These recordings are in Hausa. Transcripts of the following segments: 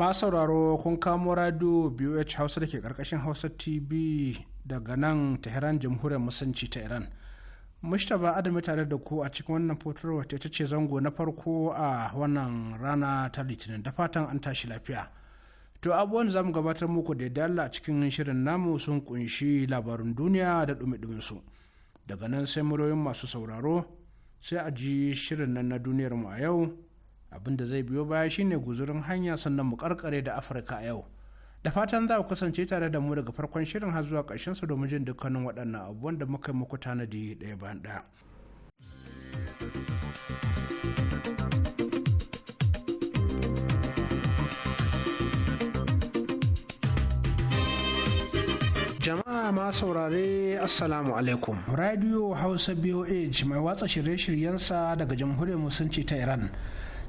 masu sauraro kun kamo radio boh hausa da ke karkashin hausa tv daga nan tehran jamhuriyar musanci ta iran mushtaba adami tare da ku a cikin wannan fotarwa ta ce zango na farko a wannan rana ta litinin da fatan an tashi lafiya to abubuwan za mu gabatar muku da dala a cikin shirin namu sun kunshi labarin duniya da su daga nan sai muryoyin masu sauraro sai a ji shirin nan na duniyar a yau abin da zai biyo baya shine guzurin hanya sannan mu karkare da afirka a yau da fatan za ku kasance tare da mu daga farkon shirin har zuwa ƙarshen su domin jin dukkanin waɗannan abubuwan da muka yi muku tanadi ɗaya bayan ɗaya jama'a ma saurare assalamu alaikum radio hausa boh mai watsa shirye-shiryensa daga jamhuriyar musulunci ta iran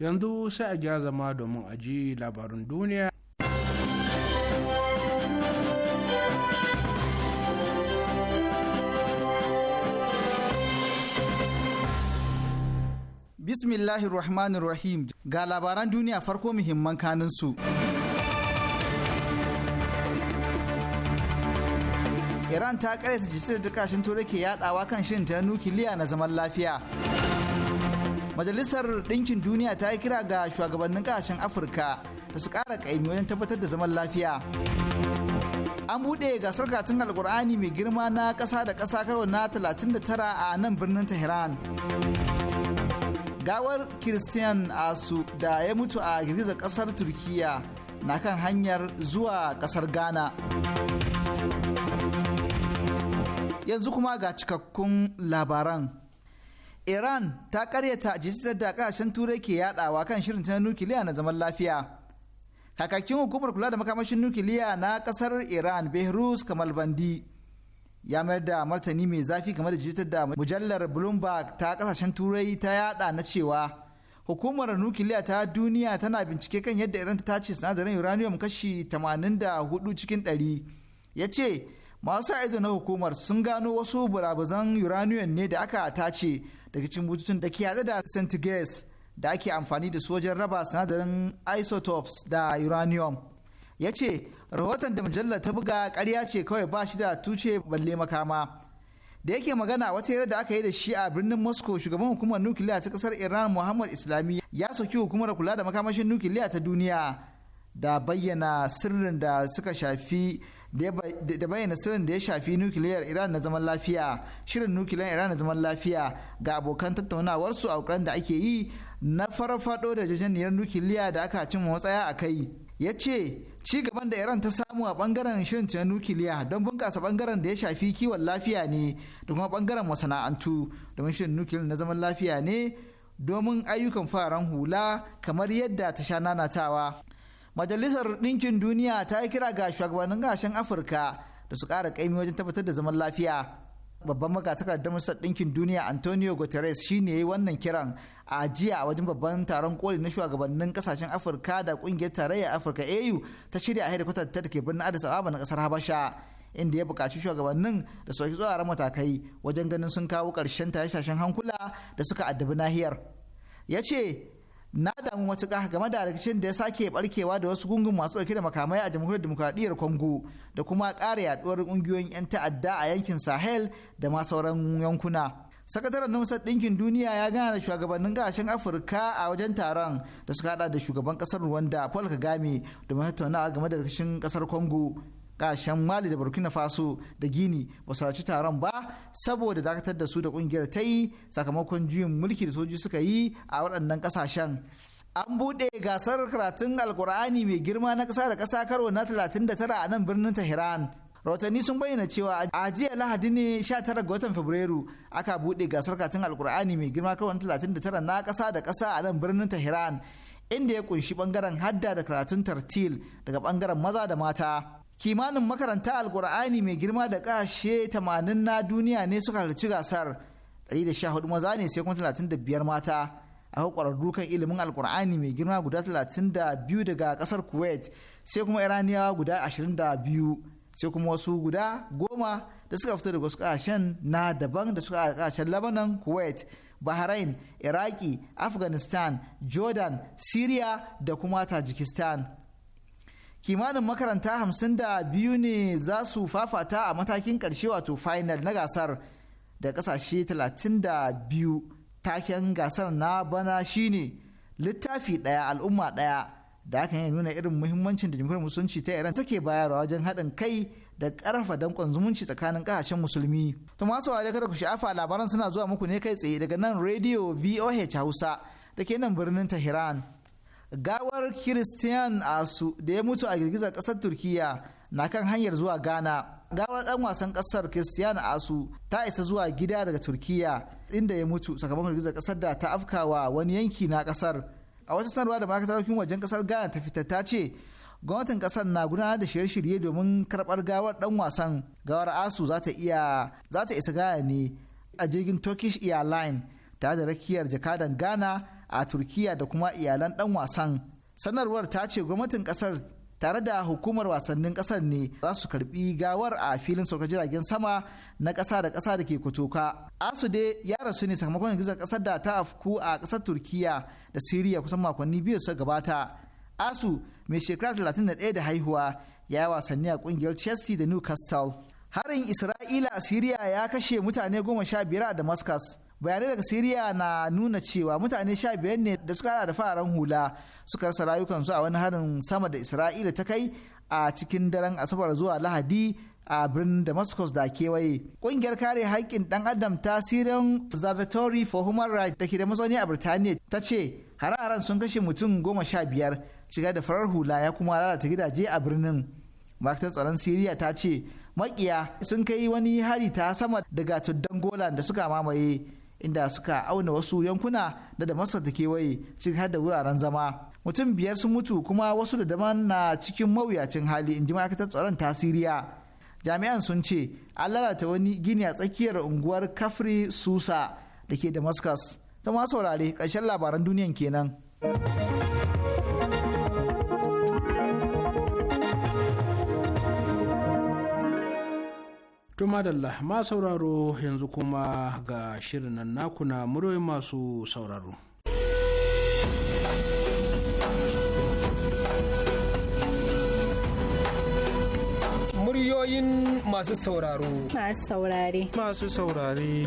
yanzu sai a gya zama domin aji labarin duniya bismillahir rahmanir rahim ga labaran duniya farko muhimman kanin su iran ta karyata jisir da kashin turai ke yadawa kan shirin ta nukiliya na zaman lafiya majalisar ɗinkin duniya ta yi kira ga shugabannin ƙasashen afirka da su ƙara ƙaimi wajen tabbatar da zaman lafiya an buɗe gasar katin alkur'ani mai girma na ƙasa da ƙasa karo na 39 a nan birnin tehran gawar christian asu da ya mutu a girgizar ƙasar turkiya na kan hanyar zuwa ƙasar ghana yanzu kuma ga cikakkun labaran iran ta karyata jisisar da kasashen turai ke yadawa kan shirin ta nukiliya na zaman lafiya kakakin hukumar kula da makamashin nukiliya na kasar iran behrus kamal bandi ya mayar da martani mai zafi game da jita da mujallar bloomberg ta kasashen turai ta yada na cewa hukumar nukiliya ta duniya tana bincike kan yadda iran ta tace sinadarin uranium kashi 84 cikin 100 ya ce masu ido na hukumar sun gano wasu burabuzan uranium ne da aka tace daga cikin bututun da ke hada da centigas da ake amfani da su wajen raba sinadarin isotopes da uranium ya ce rahoton da mujallar ta buga karya ce kawai ba shi da tuce balle makama da yake magana wata hira da aka yi da shi a birnin moscow shugaban hukumar nukiliya ta kasar iran muhammad islami ya soki hukumar kula da makamashin nukiliya ta duniya da bayyana sirrin da suka shafi da bayyana sirrin da ya shafi nukiliyar iran na zaman lafiya shirin nukiliyar iran na zaman lafiya ga abokan tattaunawarsu a da ake yi na farfado da jajeniyar nukiliya da aka cin matsaya a kai ya ce ci gaban da iran ta samu a bangaren shirin cin nukiliya don bunkasa bangaren da ya shafi kiwon lafiya ne da kuma bangaren masana'antu domin shirin nukiliyar na zaman lafiya ne domin ayyukan fararen hula kamar yadda ta sha nanatawa majalisar ɗinkin duniya ta yi kira ga shugabannin gashin afirka da su ƙara ƙaimi wajen tabbatar da zaman lafiya babban magatakar da majalisar ɗinkin duniya antonio guterres ne ya yi wannan kiran a jiya wajen babban taron koli na shugabannin kasashen afirka da ƙungiyar tarayyar afirka au ta shirya a hedikwatar ta ke birnin addis ababa na ƙasar habasha inda ya buƙaci shugabannin da su ake tsoron matakai wajen ganin sun kawo ƙarshen tashe hankula da suka addabi nahiyar ya ce na damu matuƙa game da rikicin da ya sake barkewa da wasu gungun masu ɗauke da makamai a jamhuriyar demokradiyyar congo da kuma ƙara yaduwar ƙungiyoyin 'yan ta'adda a yankin sahel da ma sauran yankuna sakataren namsar ɗinkin duniya ya gana da shugabannin kasashen afirka a wajen taron da suka hada da shugaban ƙasar rwanda paul kagame domin tattaunawa game da rikicin ƙasar congo kashen mali da burkina faso da gini ba su halarci taron ba saboda dakatar da su da kungiyar ta yi sakamakon juyin mulki da soji suka yi a waɗannan kasashen. an buɗe gasar karatun alkur'ani mai girma na ƙasa da ƙasa karo na 39 a nan birnin tehran rahotanni sun bayyana cewa a jiya lahadi ne 19 ga watan fabrairu aka buɗe gasar karatun alkur'ani mai girma karo na 39 na ƙasa da ƙasa a nan birnin tehran inda ya kunshi bangaren hadda da karatun tartil daga bangaren maza da mata kimanin makaranta alkur'ani mai girma da kashe 80 na duniya ne suka halarci gasar 114 maza ne sai kuma 35 mata a kwararru kan ilimin alkur'ani mai girma guda 32 daga kasar kuwait sai kuma iraniyawa guda 22 sai kuma wasu guda goma da suka fito daga wasu kasashen na daban da suka kasashen labanan kuwait bahrain iraki afghanistan jordan syria da kuma tajikistan kimanin makaranta hamsin da biyu ne za su fafata a matakin ƙarshe wato final na gasar da kasashe talatin da biyu taken gasar na bana shine littafi ɗaya al'umma ɗaya da hakan ya nuna irin muhimmancin da jamhuriyar musulunci ta iran take bayarwa wajen haɗin kai da ƙarfa danƙon zumunci tsakanin ƙasashen musulmi to masu wa kada ku sha'afa labaran suna zuwa muku ne kai tsaye daga nan rediyo voh hausa da ke nan birnin tehran gawar kiristiyan asu da ya mutu a girgizar kasar turkiya na kan hanyar zuwa ghana gawar dan wasan kasar kiristiyan asu ta isa zuwa gida daga turkiya inda ya mutu sakamakon girgizar kasar da ta afkawa wani yanki na kasar a wata sanarwa da ma'aikatar wajen kasar ghana ta fitar ta ce gwamnatin kasar na gudanar da shirye-shirye domin karbar gawar dan wasan gawar asu za ta iya za ta isa gaya ne a jirgin turkish airline tare da rakiyar jakadan ghana a turkiya da kuma iyalan dan wasan sanarwar ta ce gwamnatin kasar tare da hukumar wasannin kasar ne za su karbi gawar a filin sauka jiragen sama na kasa da kasa da ke asu dai ya rasu ne sakamakon girgizar kasar da ta afku a kasar turkiya da siriya kusan makonni biyu suka gabata asu mai shekara 31 da haihuwa ya yi wasanni a kungiyar chelsea da newcastle harin isra'ila a siriya ya kashe mutane goma sha biyar a damascus bayanai daga siriya na nuna cewa mutane sha biyar ne da suka hada da fararen hula suka rasa rayukansu a wani harin sama da isra'ila ta kai a cikin daren asabar zuwa lahadi a birnin damascus da kewaye kungiyar kare haƙƙin dan adam ta sirin observatory for human rights da ke da mazauni a birtaniya ta ce hare-haren sun kashe mutum goma sha biyar shiga da farar hula ya kuma lalata gidaje a birnin ma'aikatar tsaron siriya ta ce makiya sun kai wani hari ta sama daga tuddan golan da suka mamaye inda suka auna wasu yankuna da damasar da kewaye ciki har da wuraren zama mutum biyar sun mutu kuma wasu da dama na cikin mawuyacin hali in ji ma'aikatar tsaron ta siriya jami'an sun ce an lalata wani gini a tsakiyar unguwar kafri susa da ke damascus ta ma saurare ƙarshen labaran duniyan kenan. To madalla ma sauraro yanzu kuma ga shirin nan naku na muryoyin masu sauraro. Muryoyin masu sauraro. Masu saurare. Masu saurare.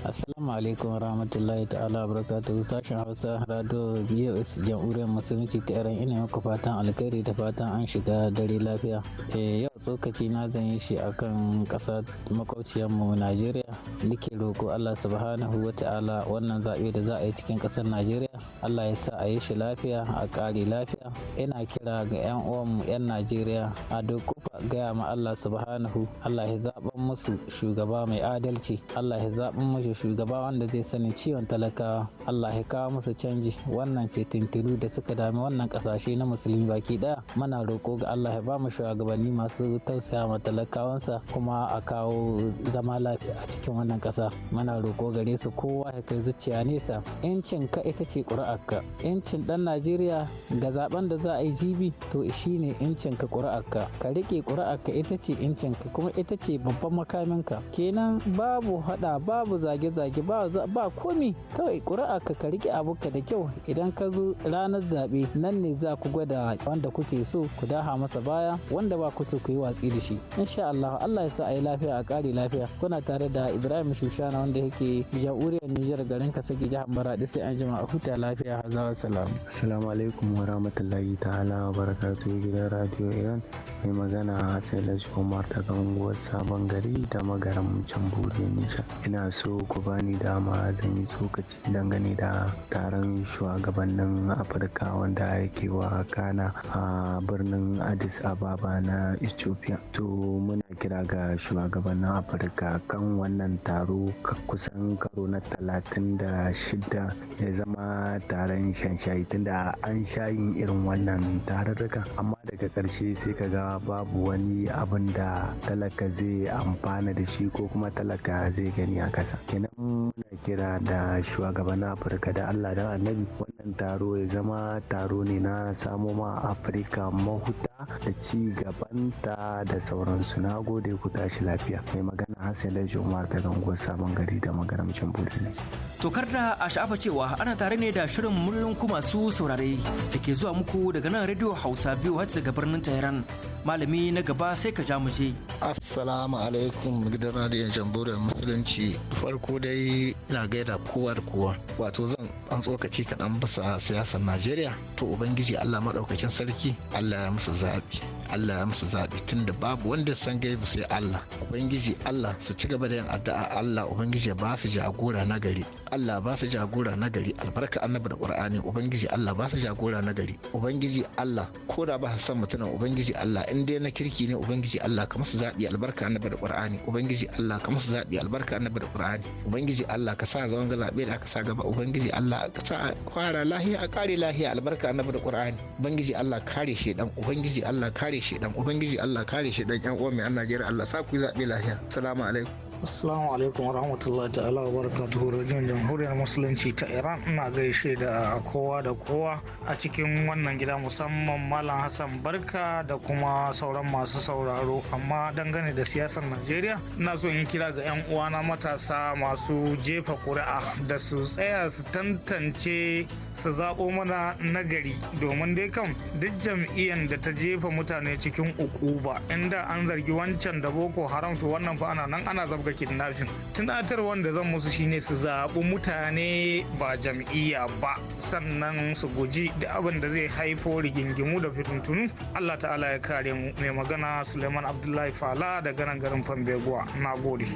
Assalamu alaikum rahmatullahi ta'ala barakatu sashen Hausa Radio BOS jam'uriyar Musulunci ta 'yaran ina muku fatan alkhairi da fatan an shiga dare lafiya. Eh yau tsokaci na zan yi shi akan ƙasa makwabciyar mu Najeriya. nake roko Allah subhanahu wa ta'ala wannan zaɓe da za a yi cikin ƙasar Najeriya. Allah ya sa a yi shi lafiya a ƙari lafiya. Ina kira ga 'yan uwanmu 'yan Najeriya a duk gaya ma Allah subhanahu Allah ya zaɓan musu shugaba mai adalci. Allah ya zaɓan musu wato shugaba wanda zai sani ciwon talakawa allah ya kawo musu canji wannan fitintinu da suka dami wannan kasashe na musulmi baki daya muna roko ga allah ya ba mu shugabanni masu tausaya ma talakawansa kuma a kawo zama lafiya a cikin wannan kasa muna roko gare su kowa ya kai zuciya nesa yancin ka ita ce ƙuri'arka yancin dan najeriya ga zaben da za a yi jibi to shi ne yancin ka ƙuri'arka ka riƙe ƙuri'arka ita ce yancin ka kuma ita ce babban makaminka kenan babu hada babu zagi zage-zage ba komi kawai ƙuri'a ka ka riƙe abuka da kyau idan ka zo ranar zaɓe nan ne za ku gwada wanda kuke so ku daha masa baya wanda ba ku so ku yi watsi da shi insha Allah Allah ya sa a yi lafiya a ƙari lafiya kuna tare da Ibrahim Shushana wanda yake jamhuriyar Nijar garin kasake jihar maraɗi sai an jima a huta lafiya hazawa salam assalamu alaikum wa rahmatullahi ta'ala wa barakatuhu gidan radio Iran mai magana Hassan Lashi Umar ta ganguwar sabon gari da magaram can bure Nijar ina so ku bani dama zan yi tsokaci dangane da taron shugabannin afirka wanda yake wa kana a birnin addis ababa na ethiopia to muna kira ga shugabannin afirka kan wannan taro kusan karo na talatin da shida ya zama taron shanshayi tunda an shayin irin wannan tarurruka amma daga ƙarshe sai ka ga babu wani abin da talaka zai amfana da shi ko kuma talaka zai gani a kasa kenan muna kira da shugaban afirka da allah da annabi wannan taro ya zama taro ne na samo ma afirka mahuta da ci gabanta da sauransu na gode ku tashi lafiya mai magana hassan laji umar daga unguwar sabon gari da magaramcin ne. tokar da a sha'afa cewa ana tare ne da shirin muryoyin ku masu saurare da ke zuwa muku daga nan radio hausa biyu hajji daga birnin tehran malami na gaba sai ka ja mu ce assalamu alaikum gidan radio jamhuriyar musulunci farko dai ina gaida kowa da kowa wato zan an tsokaci kaɗan bisa siyasar najeriya to ubangiji allah maɗaukakin sarki allah ya musu back. Allah ya musu zaɓi da babu wanda san gaibu sai Allah ubangiji Allah su ci gaba da yin addu'a Allah ubangiji ba su jagora na gari Allah ba su jagora na gari albarka annabi da Qur'ani ubangiji Allah ba su jagora na gari ubangiji Allah ko da ba su san mutumin ubangiji Allah in dai na kirki ne ubangiji Allah ka musu zaɓi albarka annabi da Qur'ani ubangiji Allah ka musu zaɓi albarka annabi da Qur'ani ubangiji Allah ka sa zaman ga zaɓe da aka sa gaba ubangiji Allah ka sa fara lahiya a kare lahiya albarka annabi da Qur'ani ubangiji Allah kare dan ubangiji Allah kare dan ubangiji Allah kare dan yan uwa mai an Najeriya Allah sa ku zabe lafiya assalamu alaikum Assalamu alaikum wa rahmatullahi ta'ala wa barakatuhu rajin jamhuriyar musulunci ta Iran ina gaishe da kowa da kowa a cikin wannan gida musamman Malam Hassan Barka da kuma sauran masu sauraro amma dangane da siyasar Najeriya ina so in kira ga 'yan uwana matasa masu jefa ƙuri'a da su tsaya su tantance su zaɓo mana nagari domin dai kam duk jam'iyyar da ta jefa mutane cikin ukuba inda an zargi wancan da boko haram to wannan fa ana nan ana zabga suka kidnapping tunatar wanda zan musu shine su zaɓi mutane ba jam'iyya ba sannan su guji da abin da zai haifo rigingimu da fituntunu allah ta'ala ya kare mu mai magana suleiman abdullahi fala da nan garin fambeguwa na gode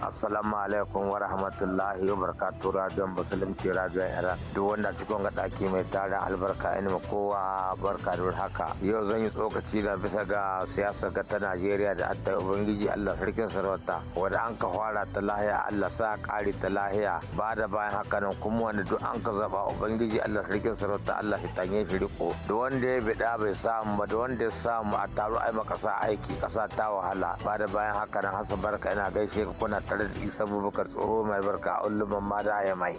assalamu alaikum wa rahmatullahi wa barakatu radiyon musulunci radiyon iran duk wanda cikin ga mai tarin albarka ina kowa barka da haka yau zan yi tsokaci da bisa ga siyasar ta najeriya da adda ubangiji allah sarkin sarauta wanda an ka fara ta lahiya Allah sa kare ta lahiya ba da bayan haka nan kuma wanda duk an ka zaba ubangiji Allah rikin sarauta Allah shi tanye shi riko da wanda ya bida bai samu ba da wanda ya samu a taro ai maka sa aiki kasa ta wahala ba da bayan haka nan Hassan barka ina gaishe ka kuna tare da Isa Abubakar tsoro mai barka a ulluman ma da ya mai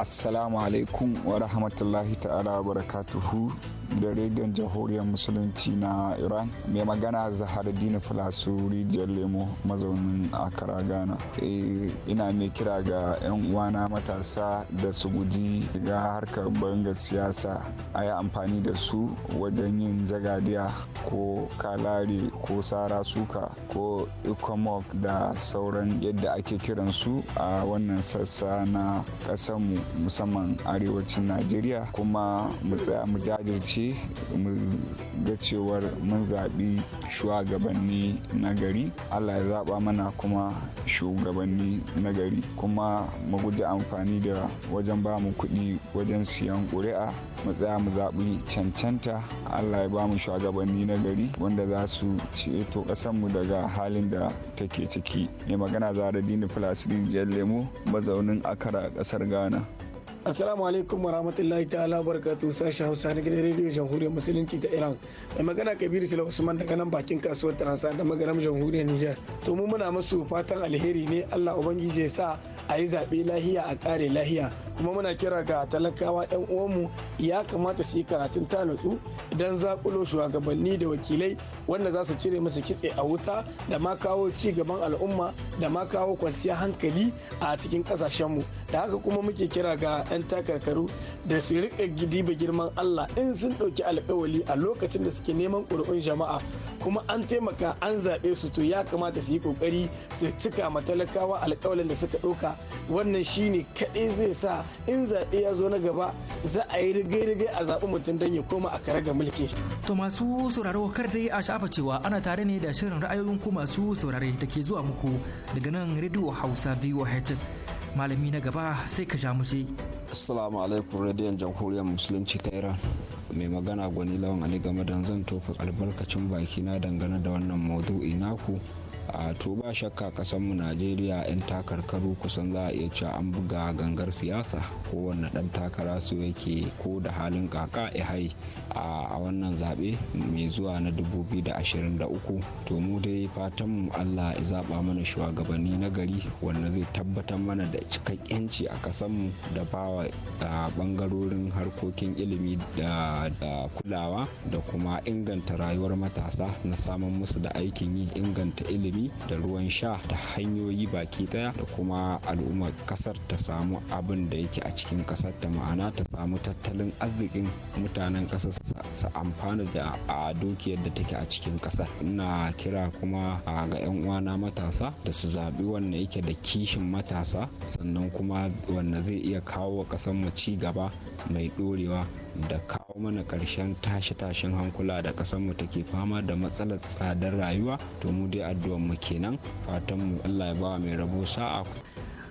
assalamu alaikum wa rahmatullahi ta'ala wa barakatuhu da rediyon jamhuriyar musulunci na iran mai magana zahar dina filasu rijiyar lemo mazaunin akara ghana eh, ina mai kira ga 'yan uwana matasa da su guji ga harkar banga siyasa a yi amfani da su wajen yin zagadiya ko kalari ko sara suka ko ikomok da sauran yadda ake kiransu a wannan sassa na kasanmu. musamman arewacin najeriya kuma mu tsaya mu jajirce mu ga cewar mun zaɓi shugabanni na gari allah ya zaɓa mana kuma shugabanni na gari kuma mu guji amfani da wajen ba mu kuɗi wajen siyan ƙuri'a mu tsaya mu zaɓi cancanta allah ya ba mu shugabanni na gari wanda za su ceto ƙasarmu daga halin da take ciki mai magana zara dini plasidin jan lemu mazaunin akara ƙasar ghana Assalamu alaikum warahmatullahi ta'ala barkatu sashi Hausa na gidan rediyo Jamhuriyar Musulunci ta Iran. Mai magana Kabiru Sula Usman daga nan bakin kasuwar Transa da magaram Jamhuriyar niger. To mu muna musu fatan alheri ne Allah ubangiji ya sa a yi zaɓe lahiya a ƙare lahiya. Kuma muna kira ga talakawa 'yan uwanmu ya kamata su yi karatun ta nutsu idan zaƙulo shugabanni da wakilai wanda za su cire musu kitse a wuta da ma kawo ci gaban al'umma da ma kawo kwanciyar hankali a cikin ƙasashenmu. Da haka kuma muke kira ga 'yan takarkaru da su gidi ba girman Allah in sun ɗauki alkawali a lokacin da suke neman ƙuri'un jama'a kuma an taimaka an zaɓe su to ya kamata su yi ƙoƙari su cika ma talakawa alkawalin da suka ɗauka wannan shine kaɗai zai sa in zaɓe ya zo na gaba za a yi rigai-rigai a zaɓi mutum don ya koma a kare ga mulki. To masu sauraro kar dai a sha'afa cewa ana tare ne da shirin ra'ayoyin ku masu saurare da ke zuwa muku daga nan rediyo Hausa VOH. Malami na gaba sai ka ja mu assalamu alaikum radiyon jamhuriyar musulunci ta iran mai magana gwani lawan ani game da zan tofa albarkacin baki na dangane da wannan maudu'i naku a to ba shakka mu najeriya 'yan takarkaru kusan za a iya cewa an buga gangar siyasa kowanne dan takara su yake ko da halin kaka hai a wannan zaɓe mai zuwa na 2023 to mu dai fatan mu allah ya zaɓa mana shugabanni na gari wanda zai tabbatar mana da cikakkenci a mu da bawa bangarorin harkokin ilimi da kulawa da kuma inganta rayuwar matasa na samun musu da aikin yi inganta ilimi abinci da ruwan sha da hanyoyi baki daya da kuma al'ummar kasar ta samu abin da yake a cikin kasar ta ma'ana ta samu tattalin arzikin mutanen kasar su amfana da a dukiyar da take a cikin kasar ina kira kuma ga 'yan uwana matasa da su zaɓi wanda yake da kishin matasa sannan kuma wanda zai iya kawo wa kasar mu ci gaba mai ɗorewa da kawo mana karshen tashe-tashen hankula da ƙasar mu take fama da matsalar tsadar rayuwa to mu dai addu'an mu kenan fatan mu Allah ya bawa mai rabo sa'a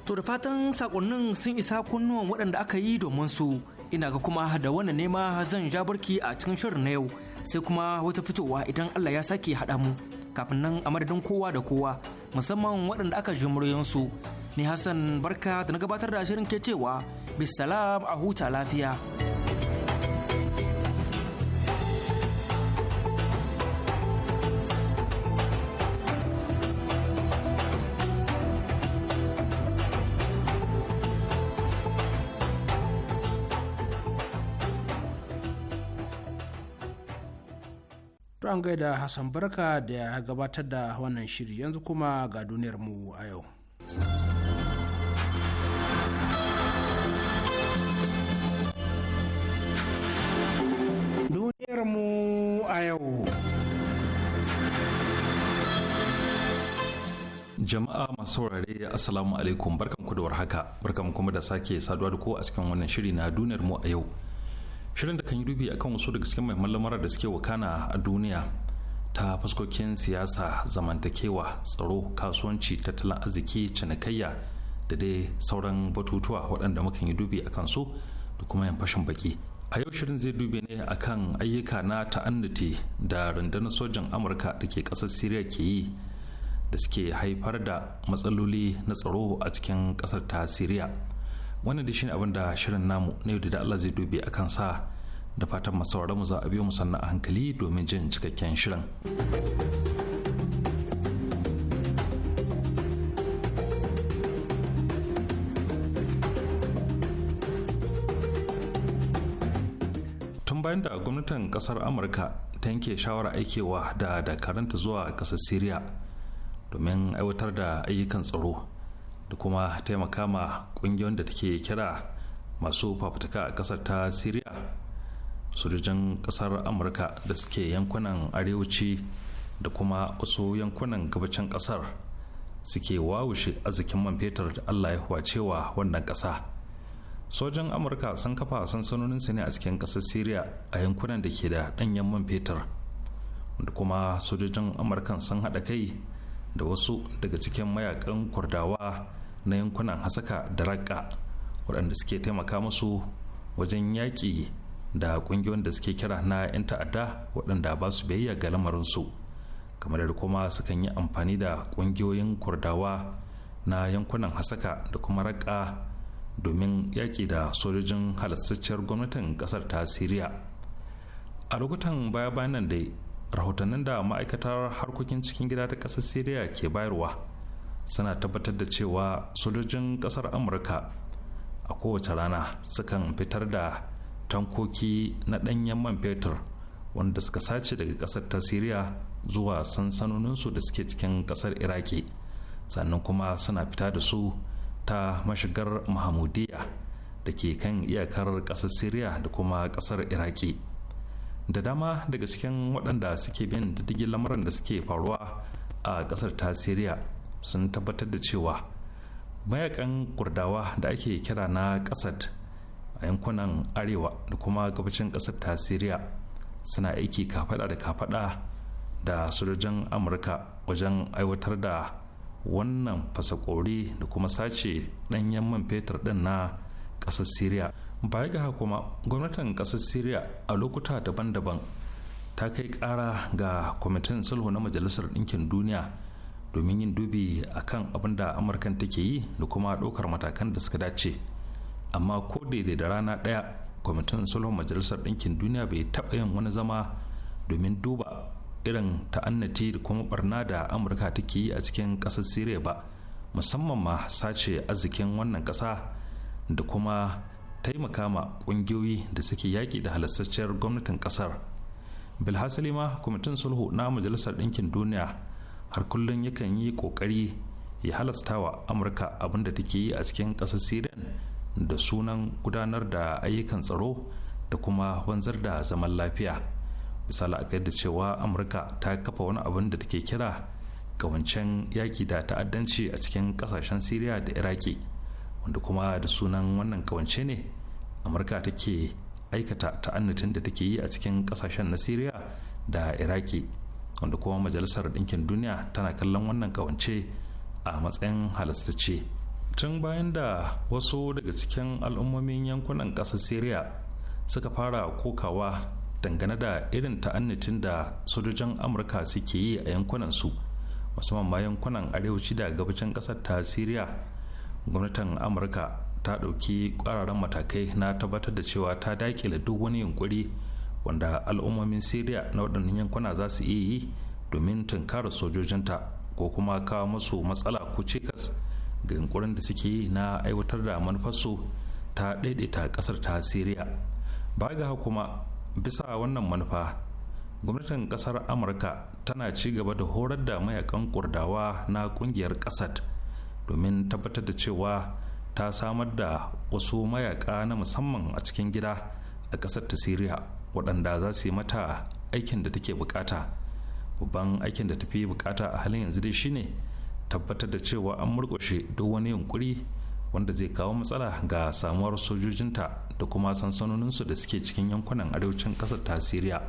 to da fatan sakonnin sun isa kunnuwan waɗanda aka yi domin su ina ga kuma da wannan nema zan ja barki a cikin shirin na yau sai kuma wata fitowa idan Allah ya sake haɗa mu kafin nan a madadin kowa da kowa musamman waɗanda aka ji su ni Hassan barka da na gabatar da shirin ke cewa bisalam a huta lafiya. To an gaida Hassan Barka da ya gabatar da wannan shiri yanzu kuma ga duniyar mu a yau. Jama'a masu saurare Assalamu alaikum ku da warhaka barkan kuma da sake saduwa da ku a cikin wannan shiri na duniyar mu a yau. shirin da kan yi dubi akan wasu daga cikin mahimman lamura da suke wakana a duniya ta fuskokin siyasa zamantakewa tsaro kasuwanci tattalin arziki cinikayya da dai sauran batutuwa waɗanda mukan yi dubi akan su da kuma yan fashin baki a yau shirin zai dubi ne akan ayyuka na ta'annati da rundunar sojan amurka da ke kasar siriya ke yi da suke haifar da matsaloli na tsaro a cikin kasar ta siriya wannan da shine abin da shirin namu na yau da Allah zai dubi akan sa da fatan masu mu za a biyo mu sannan a hankali domin jin cikakken shirin tun bayan da gwamnatin kasar amurka ta yanke shawara aikewa da dakaranta zuwa kasar syria domin aiwatar da ayyukan tsaro da kuma taimaka ma kungiyar da take kira masu fafutuka a kasar ta Siriya, sojojin kasar amurka da suke yankunan arewaci da kuma wasu yankunan gabacin kasar suke wawushe arzikin man fetur da allah ya cewa wannan kasa sojan amurka sun kafa sansanonin su ne a cikin kasar Siriya a yankunan da ke da danyen man fetur da kuma sojojin amurkan sun haɗa kai da wasu daga cikin mayakan kurdawa na yankunan hasaka da raƙa waɗanda suke taimaka musu wajen yaƙi da ƙungiyoyin da suke kira na 'yan ta'adda waɗanda ba su biyayya ga lamarinsu kamar da kuma sukan yi amfani da ƙungiyoyin kurdawa na yankunan hasaka da kuma raƙa domin yaƙi da sojojin halastacciyar gwamnatin ƙasar ta siriya a lokutan baya-bayan nan dai rahotannin da ma'aikatar harkokin cikin gida ta ƙasar siriya ke bayarwa suna tabbatar da cewa sojojin kasar amurka a kowace rana sukan fitar da tankoki na danyen man fetur wanda suka sace daga kasar ta siriya zuwa sansanoninsu da suke cikin kasar iraki sannan kuma suna fita da su ta mashigar mahamudiya da ke kan iyakar kasar siriya da kuma kasar iraki da dama daga cikin waɗanda suke bin diddigin lamarin da suke faruwa a kasar ta siriya sun tabbatar da cewa mayakan kurdawa da ake kira na kasad a yankunan arewa da kuma gabacin kasar ta siriya suna aiki kafada da kafada da sojojin amurka wajen aiwatar da wannan fasakori da kuma sace ɗanyen man fetur ɗin na ƙasar siriya baya ga kuma gwamnatin ƙasar siriya a lokuta daban-daban ta kai ƙara ga kwamitin sulhu na majalisar ɗinkin duniya domin yin dubi a kan abin da amurkan take yi da kuma ɗaukar matakan da suka dace amma ko daidai da rana ɗaya kwamitin sulhun majalisar ɗinkin duniya bai taɓa yin wani zama domin duba irin ta'annati da kuma barna da amurka take yi a cikin ƙasar siriya ba musamman ma sace arzikin wannan ƙasa da kuma taimaka ma ƙungiyoyi da suke yaƙi da halassacciyar gwamnatin ƙasar bilhassali ma kwamitin sulhu na majalisar ɗinkin duniya har kullum yakan yi kokari ya halasta wa amurka abin da take yi a cikin ƙasar syrian da sunan gudanar da ayyukan tsaro da kuma wanzar da zaman lafiya misali a da cewa amurka ta kafa wani abin da take kira kawancen yaƙi da ta'addanci a cikin ƙasashen syria da iraki wanda kuma da sunan wannan kawance ne amurka take aikata ta'annatin da take yi a cikin ƙasashen na syria da iraki wanda kuma majalisar ɗinkin duniya tana kallon wannan kawance a matsayin halastace tun bayan da wasu daga cikin al'ummomin yankunan ƙasar syria suka fara kokawa dangane da irin ta'annitin da sojojin amurka suke yi a yankunan su musamman ma yankunan arewaci da gabacin ƙasar ta syria gwamnatin amurka ta ɗauki ƙwararren matakai na tabbatar da cewa ta daƙile duk wani yunkuri wanda al'ummomin syria na waɗannan yankuna za su iya yi domin tunkara sojojinta ko kuma kawo musu matsala ko cikas ga yunkurin da suke yi na aiwatar da manufarsu ta daidaita ƙasar ta syria ba ga kuma bisa wannan manufa gwamnatin ƙasar amurka tana ci gaba da horar da mayakan kurdawa na ƙungiyar ƙasar domin tabbatar da cewa ta samar da wasu mayaka na musamman a cikin gida a ƙasar ta siriya waɗanda za su yi mata aikin da take bukata babban aikin da tafi bukata a halin yanzu dai shine tabbatar da cewa an murƙushe duk wani yunkuri wanda zai kawo matsala ga samuwar sojojinta da kuma sansanoninsu da suke cikin yankunan arewacin ƙasar ta siriya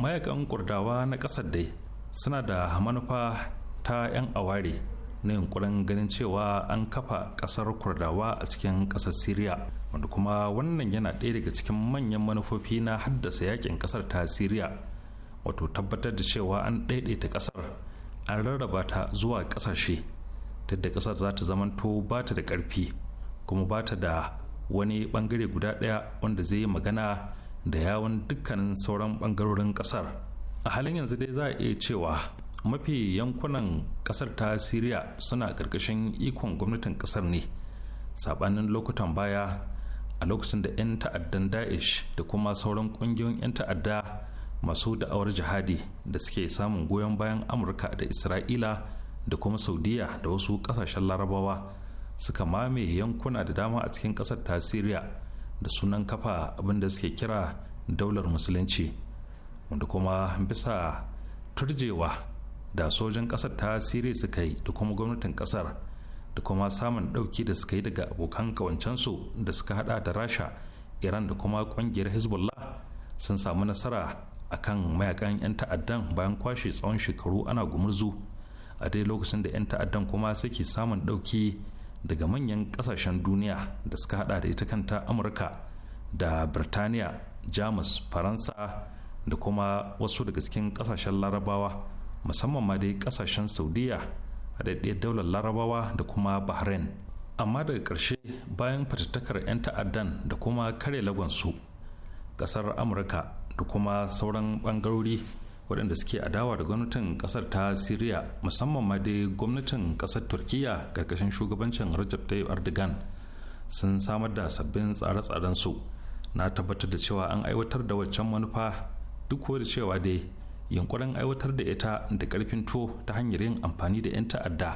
mayakan kurdawa na ƙasar dai suna da manufa ta 'yan aware na yunkurin ganin cewa an kafa kasar kurdawa a cikin kasar Siriya. wanda kuma wannan yana ɗaya daga cikin manyan manufofi na haddasa yakin kasar ta syria wato tabbatar da cewa an ɗaiɗaita kasar an rarraba ta zuwa ƙasashe ta da kasar za ta zamanto ba ta da ƙarfi kuma ba ta da wani ɓangare guda ɗaya wanda zai yi magana da yawon dukkanin sauran ɓangarorin ƙasar. a halin yanzu dai za a iya cewa mafi yankunan kasar ta siriya suna ƙarƙashin ikon gwamnatin kasar ne sabanin lokutan baya a lokacin da 'yan ta'addan daesh da kuma sauran ƙungiyoyin 'yan ta'adda masu da'awar jihadi da suke samun goyon bayan amurka da isra'ila da kuma saudiya da wasu ƙasashen larabawa suka mame yankuna da dama a cikin ƙasar ta siriya da sunan kafa abin da suke kira daular musulunci wanda kuma bisa turjewa da sojan kasar ta sire suka yi da kuma gwamnatin kasar da kuma samun ɗauki da suka yi daga abokan kawancensu da suka hada da rasha iran da kuma ƙungiyar hezbollah sun samu nasara a kan mayakan 'yan ta'addan bayan kwashe tsawon shekaru ana gumurzu a dai lokacin da 'yan ta'addan kuma suke samun ɗauki daga manyan ƙasashen duniya da suka hada da ita kanta amurka da birtaniya jamus faransa da kuma wasu daga cikin kasashen larabawa musamman ma dai kasashen saudiya daidai daular larabawa da kuma bahrain amma daga ƙarshe bayan fatattakar 'yan ta'addan da kuma kare lagonsu ƙasar amurka da kuma sauran bangarori waɗanda suke adawa da gwamnatin ƙasar ta siriya musamman ma dai gwamnatin ƙasar turkiya ƙarƙashin shugabancin rajab tayyip erdogan sun samar da sabbin tsare tsarensu na tabbatar da cewa an aiwatar da waccan manufa duk da cewa dai yunkurin aiwatar da ita da karfin to ta hanyar yin amfani da 'yan ta'adda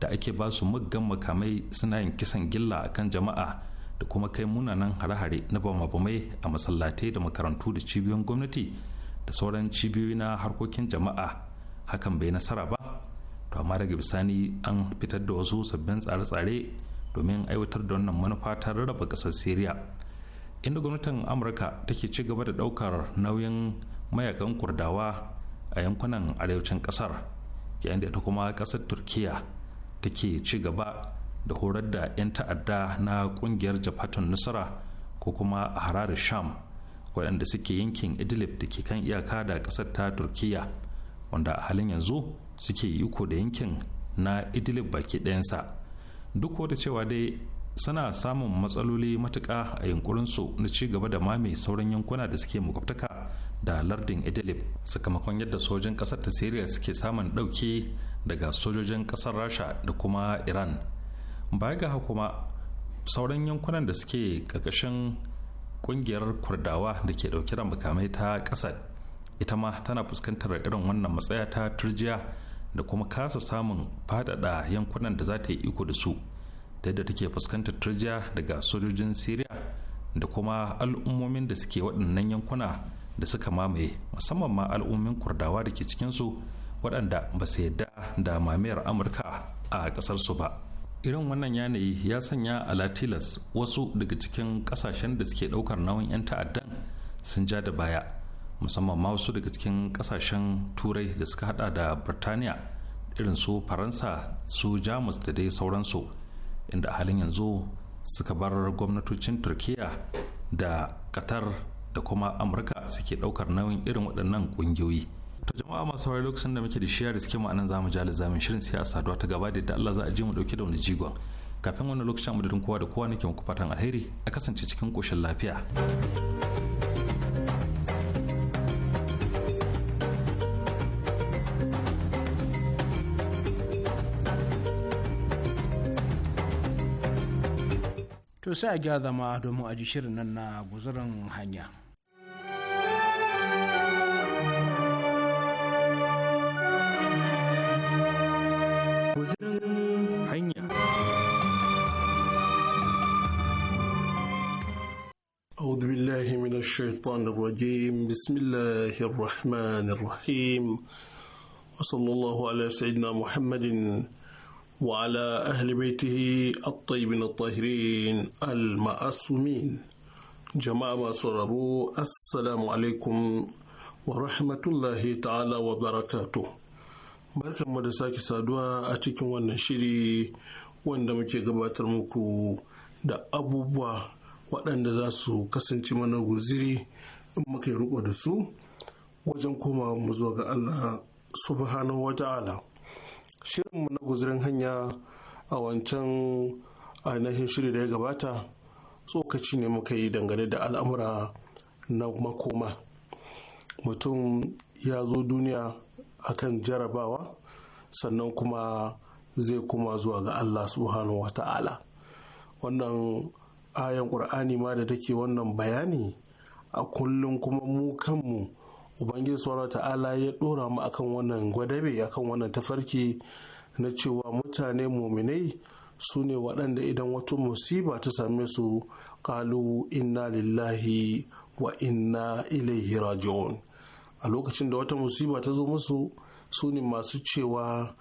da ake ba su muggan makamai suna yin kisan gilla a kan jama'a da kuma kai munanan hare-hare na bamabamai a masallatai da makarantu da cibiyoyin gwamnati da sauran cibiyoyi na harkokin jama'a hakan bai nasara ba to amma daga bisani an fitar da wasu sabbin tsare-tsare domin aiwatar da wannan manufa ta rarraba ƙasar syria inda gwamnatin amurka take ci gaba da daukar nauyin mayakan kurdawa a yankunan arewacin kasar yayin da ita kuma kasar turkiya take ci gaba da horar da 'yan ta'adda na kungiyar jafatun nusra ko kuma a hararar sham waɗanda suke yankin idlib da ke kan iyaka da kasar ta turkiya wanda a halin yanzu suke iko da yankin na idlib baki ɗayansa duk wata cewa dai suna samun matsaloli matuƙa a yunkurinsu na ci gaba da mame sauran yankuna da suke makwabtaka da lardin idlib sakamakon yadda sojin ƙasar ta siriya suke samun ɗauke daga sojojin ƙasar rasha da kuma iran baya ga kuma sauran yankunan da suke ƙarƙashin ƙungiyar kurdawa da ke ɗauke da makamai ta ƙasar ita ma tana fuskantar irin wannan matsaya ta turjiya da kuma kasa samun faɗaɗa yankunan da za ta yi iko da su da yadda take fuskantar turjiya daga sojojin syria da kuma al'ummomin da suke waɗannan yankuna da suka mamaye musamman ma al'ummin kurdawa da ke cikinsu waɗanda ba su yadda da mamayar amurka a ƙasarsu ba irin wannan yanayi ya sanya alatilas wasu daga cikin ƙasashen da suke ɗaukar nauyin 'yan ta'addan sun ja da baya musamman ma wasu daga cikin ƙasashen turai da suka hada da birtaniya irin su faransa su jamus da dai sauransu inda halin yanzu suka bar gwamnatocin turkiya da qatar da kuma amurka suke daukar nauyin irin waɗannan ƙungiyoyi to jama'a masu hawaye lokacin da muke da shiya da suke ma'anan zamu ji alizamin shirin siyasa da ta gaba da yadda allah za a je mu dauke da wani jigon kafin wani lokacin madadin kowa da kowa nake muku fatan alheri a kasance cikin koshin lafiya to sai a gyara zama domin a ji shirin nan na guzurin hanya. أعوذ بالله من الشيطان الرجيم بسم الله الرحمن الرحيم وصلى الله على سيدنا محمد وعلى أهل بيته الطيبين الطاهرين المعصومين جماعة سربو السلام عليكم ورحمة الله تعالى وبركاته barkan mu da sake saduwa a cikin wannan shiri wanda muke gabatar muku da abubuwa waɗanda za su kasance mana guziri in muka yi da su wajen koma mu zuwa ga Allah subhanahu wa ta'ala shirinmu na guzurin hanya a wancan ainihin shiri da ya gabata tsokaci ne muka yi dangane da al'amura na makoma mutum ya zo duniya a kan jarabawa sannan kuma zai kuma zuwa ga allah subhanahu wa ta'ala wannan ayan ƙur'ani ma da take wannan bayani a kullum kuma mu kanmu ubangiji subhanahu ta'ala ya dora mu akan wannan gwadabe akan wannan tafarki na cewa mutane muminai su ne waɗanda idan wata musiba ta same su kalu inna lillahi wa inna ilaihi raji'un a lokacin da wata musiba ta zo musu su ne masu cewa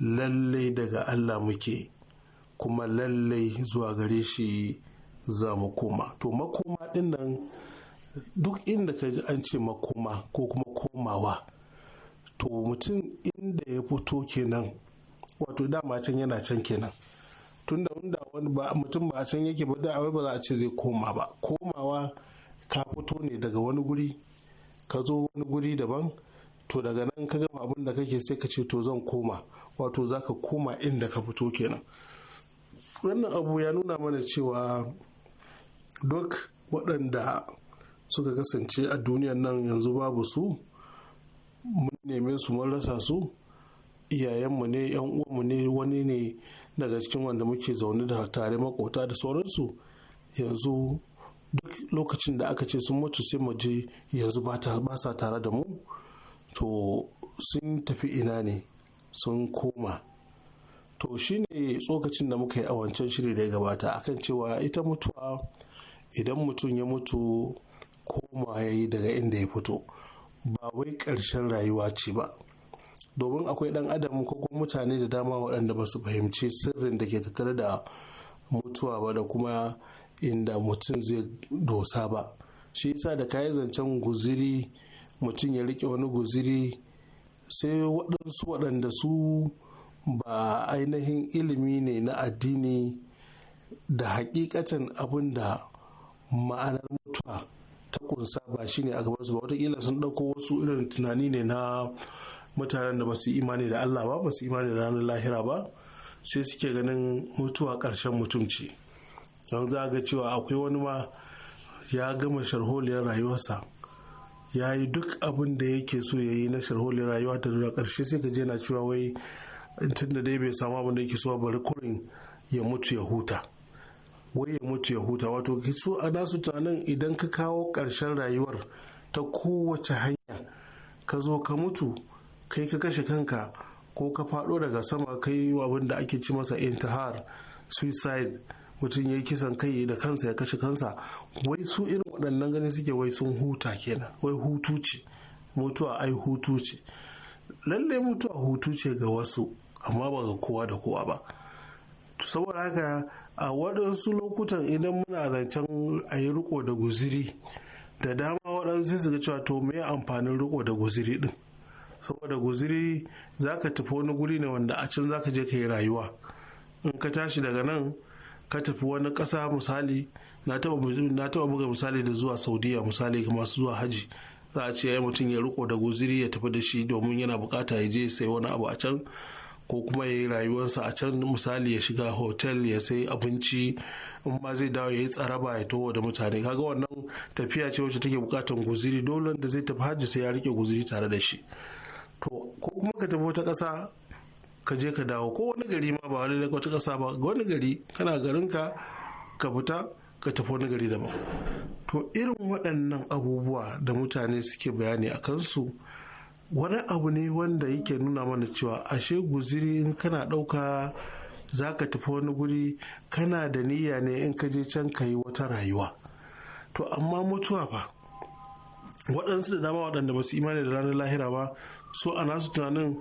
lallai daga allah muke kuma lallai zuwa gare shi za mu koma to makoma ɗin nan duk inda ka ji an ce makoma ko kuma komawa to mutum inda ya fito kenan wato dama can yana can kenan tunda wanda wani ba mutum ba a can yake ba da ba za a ce zai koma ba komawa ka fito ne daga wani guri ka zo wani guri daban to daga nan ka gama abin da kake sai ka ce to zan koma wato za ka koma inda ka fito kenan wannan abu ya nuna mana cewa duk waɗanda suka kasance a duniyan nan yanzu babu su mun neme su mun rasa su iyayenmu ne yan uwanmu ne wani ne daga cikin wanda muke zaune da tare makota da sauransu yanzu duk lokacin da aka ce sun mutu sai mu je yanzu ba sa tare da mu to sun tafi ina ne sun koma to shine tsokacin da muka yi a wancan shiri da ya gabata akan cewa ita mutuwa idan mutum ya mutu koma ya yi daga inda ya fito ba wai ƙarshen rayuwa ce ba domin akwai ɗan adam ko kuma mutane da dama waɗanda ba su fahimci sirrin da ke tattare da mutuwa ba da kuma inda mutum zai dosa ba shi yasa da kayi zancen guziri mutum ya riƙe wani guziri sai waɗansu waɗanda su ba ainihin ilimi ne na addini da hakikacin abin da ma'anar mutuwa ta kunsa ba ne a gaban su ba watakila sun ɗauko wasu irin tunani ne na mutanen da ba su imani da Allah ba ba su imani da ranar lahira ba sai suke ganin mutuwa karshen mutumci don za ga cewa akwai wani ma ya gama sharholiyar rayuwarsa ya yi duk abin da yake so ya yi na sharholiyar rayuwa ta zuwa karshe sai ka je na cewa wai tun da dai bai samu abin da yake so bari kurin ya mutu ya huta wai ya mutu ya huta wato su a nasu tunanin idan ka kawo ƙarshen rayuwar ta kowace hanya ka zo ka mutu kai ka kashe kanka ko ka faɗo daga sama kai abin da ake ci masa intihar suicide mutum ya yi kisan kai da kansa ya kashe kansa wai su irin waɗannan gani suke wai sun huta kenan wai hutu ce mutuwa ai hutu ce lallai mutuwa hutu ce ga wasu amma ba ga kowa da kowa ba saboda haka a waɗansu lokutan idan muna zancen a yi riko da guziri da dama waɗansu su cewa to me amfanin riko da guziri din saboda guziri za ka tafi wani guri ne wanda a can za ka je ka yi rayuwa in ka tashi daga nan ka tafi wani ƙasa misali na taɓa buga misali da zuwa saudiya misali masu zuwa hajji za a ce ya mutum ya riko da guziri ya tafi da shi domin yana bukata ya je sai wani abu a can ko kuma ya yi rayuwarsa a can misali ya shiga hotel ya sai abinci in ba zai dawo ya yi tsaraba ya taho da mutane kaga wannan tafiya ce wacce take bukatar guziri dole da zai tafi hajji sai ya rike guziri tare da shi to ko kuma ka tafi wata kasa ka je ka dawo ko wani gari ma ba wani wata kasa ba wani gari kana garinka ka fita ka tafi wani gari daban to irin waɗannan abubuwa da mutane suke bayani a kansu wani abu ne wanda yake nuna mana cewa ashe guziri in kana ɗauka za ka tafi wani guri kana da niyya ne in ka je can ka yi wata rayuwa to amma mutuwa fa waɗansu da dama waɗanda ba su imani da ranar lahira ba so a nasu tunanin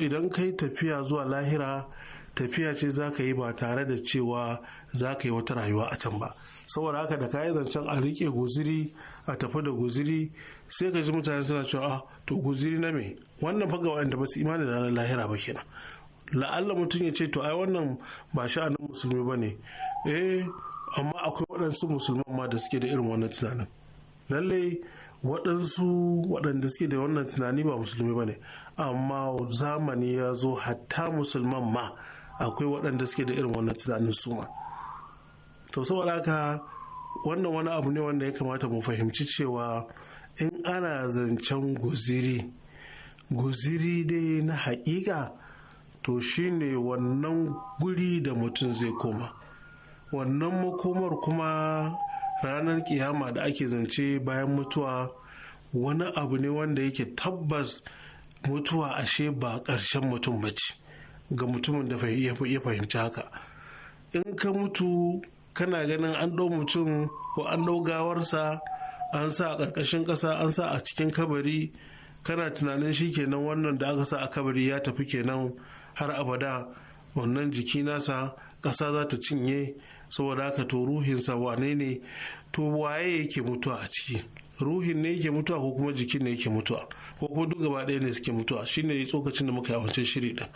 idan ka yi tafiya zuwa lahira tafiya ce za ka yi ba tare da cewa za ka yi wata rayuwa a can ba saboda haka da ka yi zancen a riƙe guziri a tafi da guziri sai ka ji mutane suna cewa ah to guziri na me wannan fa wa'anda ba su imani da ranar lahira ba kenan la'alla mutum ya ce to ai wannan ba sha'anin musulmi ba ne eh amma akwai waɗansu musulman ma da suke da irin wannan tunanin lallai waɗansu waɗanda suke da wannan tunani ba musulmi ba ne amma zamani ya zo hatta musulman ma akwai waɗanda suke da irin wannan tunanin su ma to saboda haka wannan wani abu ne wanda ya kamata mu fahimci cewa in ana zancen guziri guziri dai na haƙiƙa to shine wannan guri da mutum zai koma wannan makomar kuma ranar kiyama da ake zance bayan mutuwa wani abu ne wanda yake tabbas mutuwa ashe ba ƙarshen mutum mace ga mutumin da ya fahimci haka in ka mutu kana ganin an ɗau mutum ko an ɗau gawarsa an sa a ƙarƙashin ƙasa an sa a cikin kabari kana tunanin shi kenan wannan da aka sa a kabari ya tafi kenan har abada wannan jiki nasa ƙasa za ta cinye saboda haka to ruhinsa wane ne to waye yake mutuwa a ciki ruhin ne yake mutuwa ko kuma jikin ne yake mutuwa ko kuma duk gaba ɗaya ne suke mutuwa shine tsokacin da muka yi shiri ɗin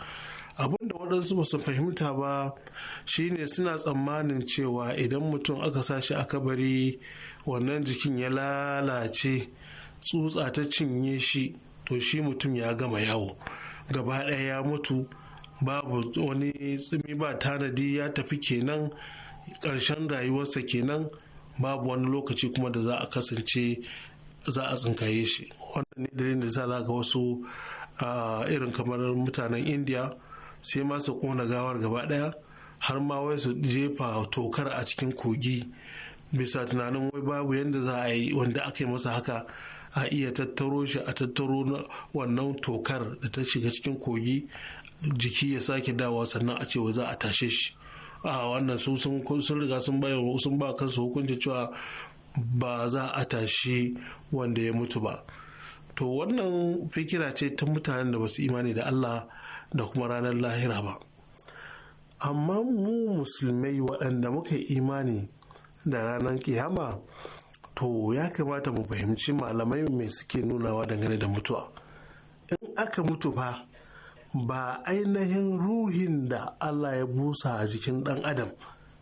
abin da waɗansu ba su fahimta ba shine suna tsammanin cewa idan mutum aka sa shi a kabari wannan jikin ya lalace tsutsa ta cinye shi to shi mutum ya gama yawo gaba ɗaya ya mutu babu wani tsimi ba tanadi ya tafi kenan ƙarshen rayuwarsa kenan babu wani lokaci kuma da za a kasance za a tsinkaye shi wannan ne dalilin da za ga wasu irin kamar mutanen indiya sai masu kona gawar gaba ɗaya har ma wai su jefa tokar a cikin kogi bisa tunanin wai babu yadda za a yi wanda aka yi masa haka a iya tattaro shi a tattaro wannan tokar da ta shiga cikin kogi jiki ya sake dawa sannan a ce za a tashe shi a wannan su sun riga sun bayar sun ba kansu hukunci cewa ba za a tashi wanda ya mutu ba to wannan fikira ce ta mutanen da basu imani da Allah da kuma ranar lahira ba amma mu musulmai waɗanda muka imani da ranar kiyama to ya kamata mu fahimci malamai mai suke nunawa dangane da mutuwa in aka mutu fa ba ainihin ruhin da allah ya busa a jikin dan adam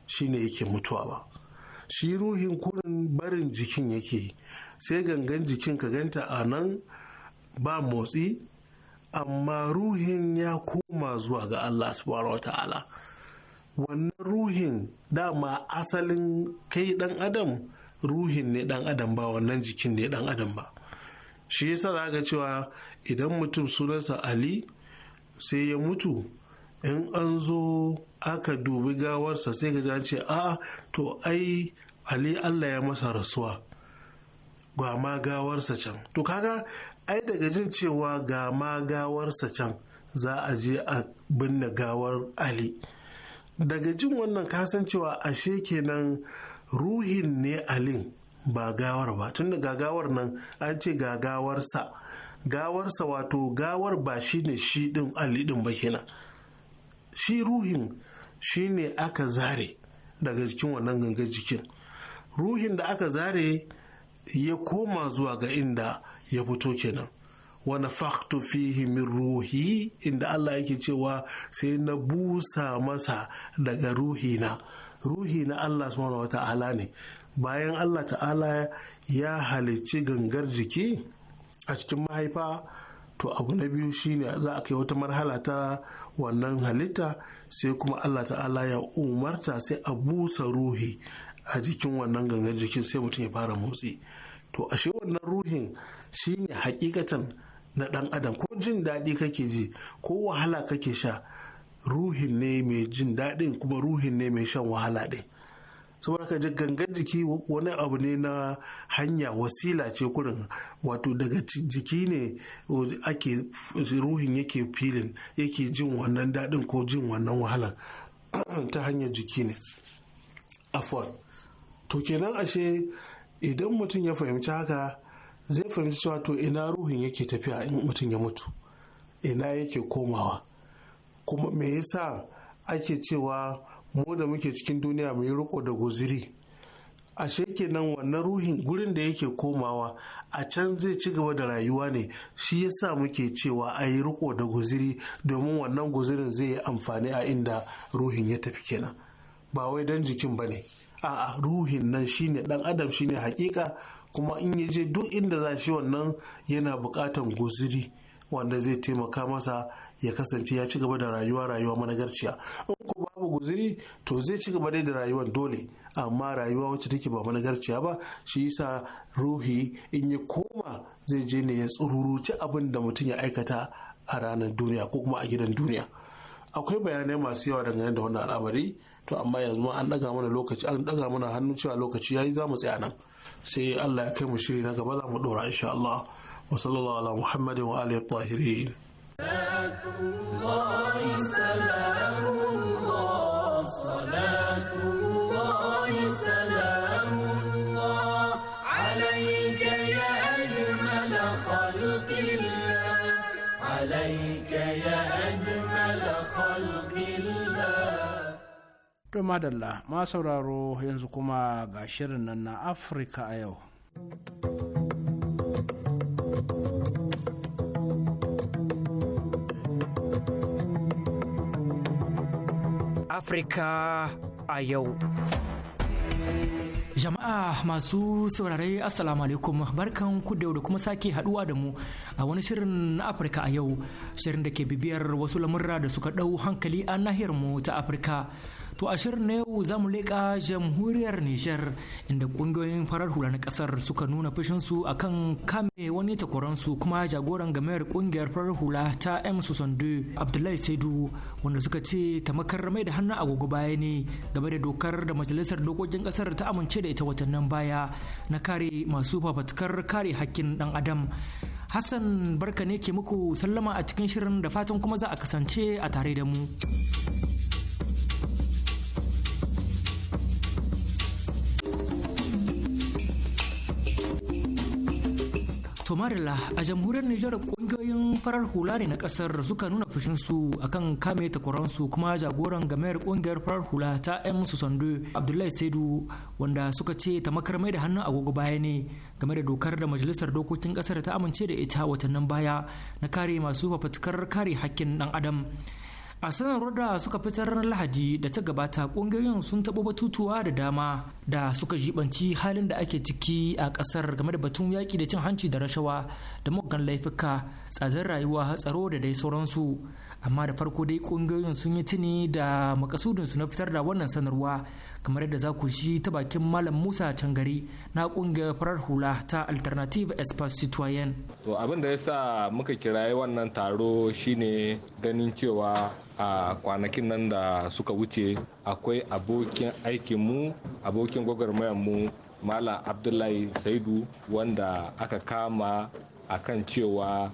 shine yake mutuwa ba shi ruhin kurin barin jikin yake sai gangan jikin ka ganta a nan ba motsi amma ruhin ya koma zuwa ga allah subhanahu wa ta'ala wannan ruhin dama asalin kai dan adam ruhin ne dan adam ba wannan jikin ne dan adam ba shi yasa za ga cewa idan mutum sunansa ali sai ya mutu in an zo aka dubi gawarsa sai ga ce a to ai ali allah ya masa rasuwa ga ma gawarsa can to kaga ai daga jin cewa ga ma gawarsa can za a je a binne gawar ali daga jin wannan kasancewa ashe kenan ruhin ne alin ba gawar ba tun da gagawar nan an ce gagawarsa gawarsa wato gawar ba shi ne shi din alidin ba kenan shi ruhin shi ne aka zare daga jikin wannan ganga jikin ruhin da aka zare ya koma zuwa ga inda ya fito kenan Wani nafakhtu fihi min ruhi inda Allah yake cewa sai na busa masa daga ruhi na ruhi na Allah subhanahu wa ta'ala ne bayan Allah ta'ala ya halicci gangar jiki a cikin mahaifa to abu na biyu shine za a kai wata marhala ta wannan halitta sai kuma Allah ta'ala ya umarta sai a busa ruhi a jikin wannan gangar jikin sai mutum ya fara motsi to ashe wannan ruhin shine hakikatan na ɗan adam ko jin daɗi kake ji ko wahala kake sha ruhin ne mai jin daɗin kuma ruhin ne mai shan wahala ɗin saboda ka gangan jiki wani abu ne na hanya wasila ce kurin wato daga jiki ne ake ruhin yake filin yake jin wannan daɗin ko jin wannan wahalan ta hanyar jiki ne afuwa to kenan ashe idan mutum ya fahimci haka zai fahimci cewa to ina ruhin yake tafiya in mutum ya mutu ina yake komawa kuma me yasa ake cewa mu da muke cikin duniya mu yi riko da guziri ashe kenan wannan ruhin gurin da yake komawa a can zai ci gaba da rayuwa ne shi yasa muke cewa a yi riko da guziri domin wannan guzirin zai yi amfani a inda ruhin ya tafi kenan ba wai don jikin ba ne a'a ruhin nan shine dan adam shine hakika kuma in ya je duk inda za shi wannan yana buƙatan guziri wanda zai taimaka masa ya kasance ya ci gaba da rayuwa rayuwa managarciya in ko babu guziri to zai ci gaba dai da rayuwar dole amma rayuwa wacce take ba managarciya ba shi yasa ruhi in ya koma zai je ne ya tsururuci abin da mutum ya aikata a ranar duniya ko kuma a gidan duniya akwai bayanai masu yawa dangane da wannan al'amari to amma yanzu an daga mana lokaci an ɗaga mana hannu cewa lokaci yayi za mu tsaya nan sai Allah ya kai mu shiri na gaba za mu dora insha Allah wa sallallahu ala Muhammadin wa alihi tahirin to madalla ma sauraro yanzu kuma ga shirin nan na afirka a yau Afirka a yau. Jama'a masu saurare Assalamu alaikum barkan ku da kuma sake haduwa da mu a wani shirin na Afirka a yau shirin da ke bibiyar wasu lamurra da suka ɗau hankali a nahiyar mu ta Afirka. To a shirin na yau za mu leƙa jamhuriyar Nijar inda ƙungiyoyin farar hula na ƙasar suka nuna fushinsu a kan kame wani takwaransu kuma jagoran gamayar ƙungiyar farar hula ta M. Susandu Abdullahi Saidu wanda suka ce tamakar mai da hannun agogo baya ne game da dokar da majalisar dokokin ƙasar ta amince da ita watannin baya na kare masu fafatukar kare hakkin ɗan adam. Hassan barka ne ke muku sallama a cikin shirin da fatan kuma za a kasance a tare da mu. Tomarila a jamhuriyar Nijar kungiyoyin farar hula ne na kasar suka nuna fushinsu akan kame takwaransu kuma jagoran gamayar kungiyar farar hula ta m musu sando Abdullahi Saidu wanda suka ce ta mai da hannun agogo baya ne game da dokar da majalisar dokokin kasar ta amince da ita watannin baya na kare masu fafatukar kare hakkin dan adam. a sanarwar da suka fitar ranar lahadi da ta gabata kungiyoyin sun taɓo batutuwa da dama da suka jibanci halin da ake ciki a ƙasar game da batun yaƙi da cin hanci da rashawa da muggan laifuka tsadar rayuwa tsaro da dai sauransu amma da farko dai kungiyoyin sun yi tuni da makasudin su na fitar da wannan sanarwa kamar yadda za ku shi ta bakin malam musa tangari na kungiyar farar hula ta alternative espace citoyen to abin da ya sa muka kirayi wannan taro shine ganin cewa a kwanakin nan da suka wuce akwai abokin aikinmu abokin mu malam abdullahi saidu wanda aka kama akan cewa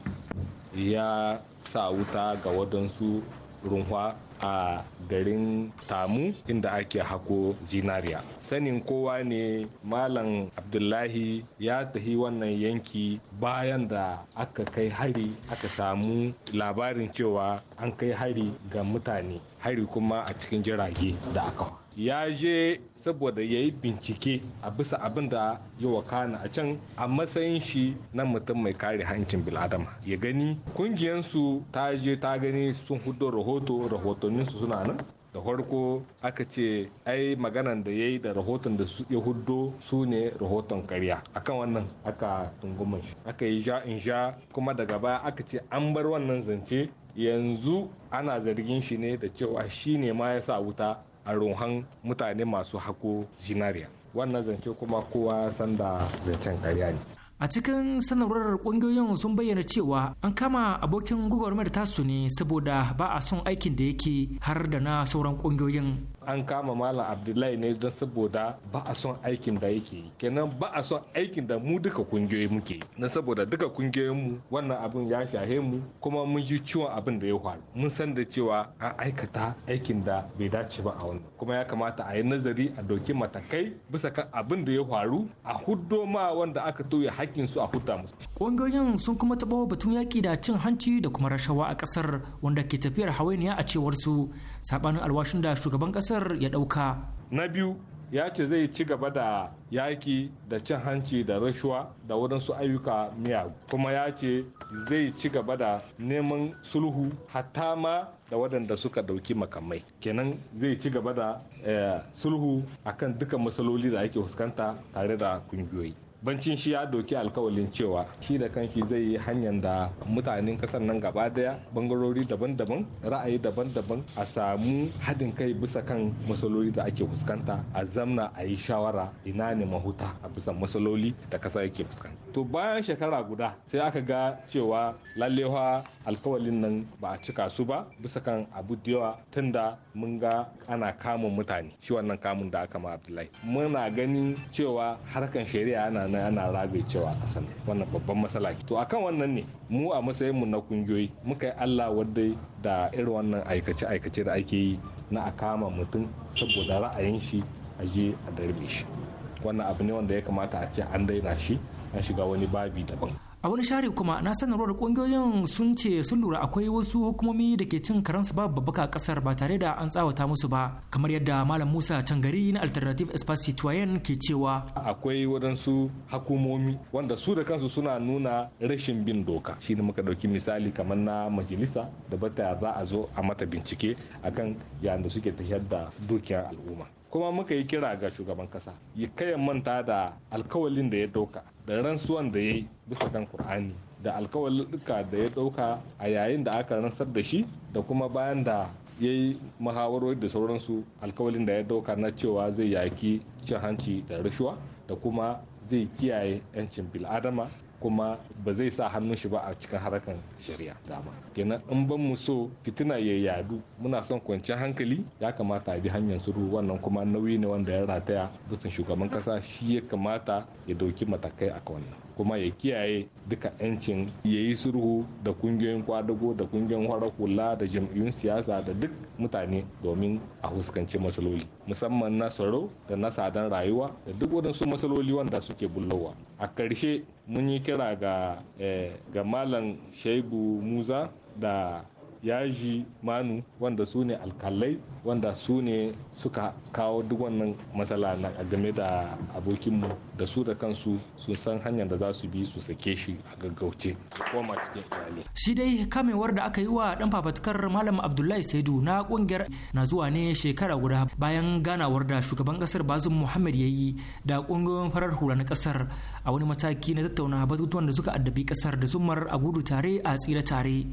ya sa wuta ga waɗansu runwa a garin tamu inda ake hako zinariya sanin kowa ne malam abdullahi ya tafi wannan yanki bayan da aka kai hari aka samu labarin cewa an kai hari ga mutane hari kuma a cikin jirage da aka ya je saboda ya yi bincike a bisa abin da ya wakana a can a matsayin shi na mutum mai kare hancin biladama ya gani kungiyansu ta je ta gani sun hudo rahoto rahotanninsu suna nan da farko aka ce ai maganan da ya yi da rahoton da ya hudo su ne rahoton karya akan wannan aka tungumin shi aka yi ja in ja kuma daga baya aka ce an bar wannan zance yanzu ana zargin shi ne da cewa shi ne ma ya sa wuta a rohan mutane masu hako zinariya wannan zance kuma kowa sanda zancen karya ne a cikin sanarwar kungiyoyin sun bayyana cewa an kama abokin gwagwarmar tasu ne saboda ba a son aikin da yake har da na sauran kungiyoyin an kama malam abdullahi ne don saboda ba a son aikin da yake yi kenan ba a son aikin da mu duka kungiyoyi muke yi na saboda duka mu wannan abin ya shahe mu kuma mun ji ciwon abin da ya faru mun san da cewa an aikata aikin da bai dace ba a wannan kuma ya kamata a yi nazari a dauki matakai bisa kan abin da ya faru a huddo ma wanda aka toye hakkin su a huta musu kungiyoyin sun kuma taɓa batun yaƙi da cin hanci da kuma rashawa a ƙasar wanda ke tafiyar hawainiya a cewar su sabanin alwashin da shugaban kasar ya dauka na biyu ya ce zai ci gaba da yaƙi da cin hanci da rashuwa da waɗansu ayyuka miyagu kuma ya ce zai ci gaba da neman sulhu hatta ma da waɗanda suka ɗauki makamai kenan zai ci gaba da eh, sulhu akan duka matsaloli da ake fuskanta tare da ƙungiyoyi bancin shi ya doki alkawalin cewa shi da kanshi zai yi hanyar da mutanen kasar nan gaba daya bangarori daban-daban ra'ayi daban-daban a samu haɗin kai bisa kan matsaloli da ake fuskanta a zamna a yi shawara ina ne mahuta a bisa matsaloli da kasa yake fuskanta to bayan shekara guda sai aka ga cewa lallewa alkawalin nan ba a cika su ba bisa kan abu da yawa tunda mun ga ana kamun mutane shi wannan kamun da aka ma abdullahi muna ganin cewa harkan shari'a ana nan ana rabe cewa kasan wannan babban matsala to akan wannan ne mu a matsayin mu na kungiyoyi muka yi Allah wadda da irin wannan aikace aikace da ake yi na a kama mutum saboda ra'ayin shi a je a darbe shi wannan abu ne wanda ya kamata a ce an daina shi an shiga wani babi daban a wani share kuma na sanarwar kungiyoyin sun ce sun lura akwai wasu hukumomi da ke cin karansu babu babbaka a kasar ba tare da an tsawata musu ba kamar yadda malam musa cangari na alternative espace citoyen ke cewa akwai wadansu hukumomi wanda su da kansu suna nuna rashin bin doka shi ne muka ɗauki misali kamar na majalisa da bata za a zo a mata bincike akan yayin da suke tafiyar da dukiyar al'umma kuma muka yi kira ga shugaban kasa ya kaya manta da alkawalin da ya dauka da rantsuwan da ya yi bisa kan kur'ani da duka da ya dauka a yayin da aka rantsar da shi da kuma bayan da ya yi muhawarori da sauransu alkawalin da ya dauka na cewa zai yaki cin hanci da rashuwa da kuma zai kiyaye 'yancin bil'adama kuma ba zai sa hannun shi ba a cikin harkar shari'a dama kenan in ban mu so fitina ya yadu muna son kwanciyar hankali ya kamata a bi hanyar suru wannan kuma nauyi ne wanda ya rataya bisa shugaban kasa shi ya kamata ya dauki matakai a wannan kuma ya kiyaye duka 'yancin ya yi sulhu da kungiyoyin kwadago da kungiyoyin farar hula da jam'iyyun siyasa da duk mutane domin a fuskanci matsaloli musamman na tsaro da na sadan rayuwa da duk wadansu matsaloli wanda suke bullowa a ƙarshe mun yi kira ga eh, malam shaibu Musa da yaji manu wanda su ne alkalai wanda su ne suka kawo duk wannan matsala na game da abokinmu da su da kansu sun san hanyar da za su bi su sake shi a gaggauce koma cikin iyali shi dai kamewar da aka yi wa dan fafatkar malam abdullahi saidu na kungiyar na zuwa ne shekara guda bayan ganawar da shugaban kasar bazum muhammad ya yi da kungiyoyin farar hula na kasar a wani mataki na tattauna batutuwan da suka addabi kasar da zumar a gudu tare a tsira tare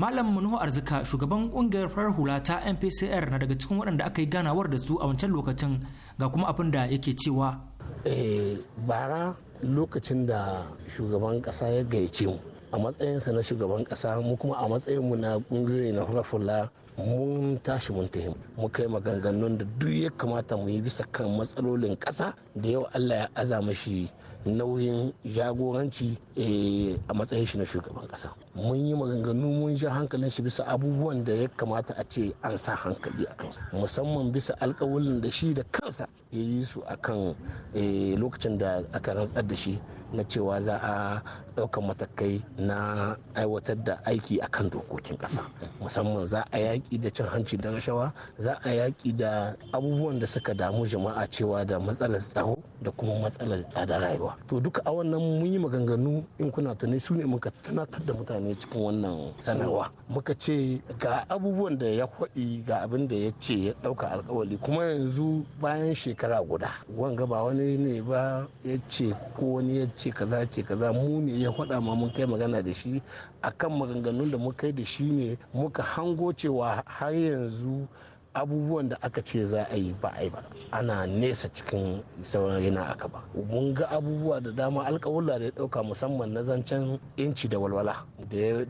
malam manuhu arzika shugaban kungiyar farar hula ta mpcr na daga cikin waɗanda aka yi ganawar da su a wancan lokacin ga kuma abin da yake cewa eh, bara lokacin da shugaban ƙasa ya gayyace mu a matsayinsa na shugaban ƙasa mu kuma a matsayin mu na ƙungiyoyi na farar hula mun tashi mun tafi mu kai maganganun da duk ya kamata mu yi bisa kan matsalolin ƙasa da yau allah ya aza mashi nauyin jagoranci eh, a matsayin shi na shugaban kasa mun yi maganganu mun sha hankalin shi bisa abubuwan da ya kamata a ce an sa hankali a kansu musamman bisa alkawalin da shi da kansa ya yi su a kan eh, lokacin da aka rantsar da shi na cewa za a ɗaukar matakai na aiwatar da aiki a kan dokokin ƙasa musamman za a yaƙi da cin hanci da rashawa za a yaƙi da abubuwan da suka damu jama'a cewa da matsalar tsaro da kuma matsalar tsadar rayuwa to duka a wannan mun yi maganganu in kuna tunai su ne muka tunatar da mutane cikin wannan sanarwa muka ce ga abubuwan da ya kwaɗi ga abin da ya ce ya ɗauka alkawali kuma yanzu bayan shekara guda wanga ba wani ne ba ya ce ko wani ya ce kaza ce kaza mu ne ya faɗa ma mun kai magana da shi akan maganganun da muka yi da shi ne muka hango cewa har yanzu abubuwan da aka ce za a yi ba a yi ba ana nesa cikin sauran yana aka ba mun ga abubuwa da dama alkawula da ya dauka musamman na zancen inci da walwala da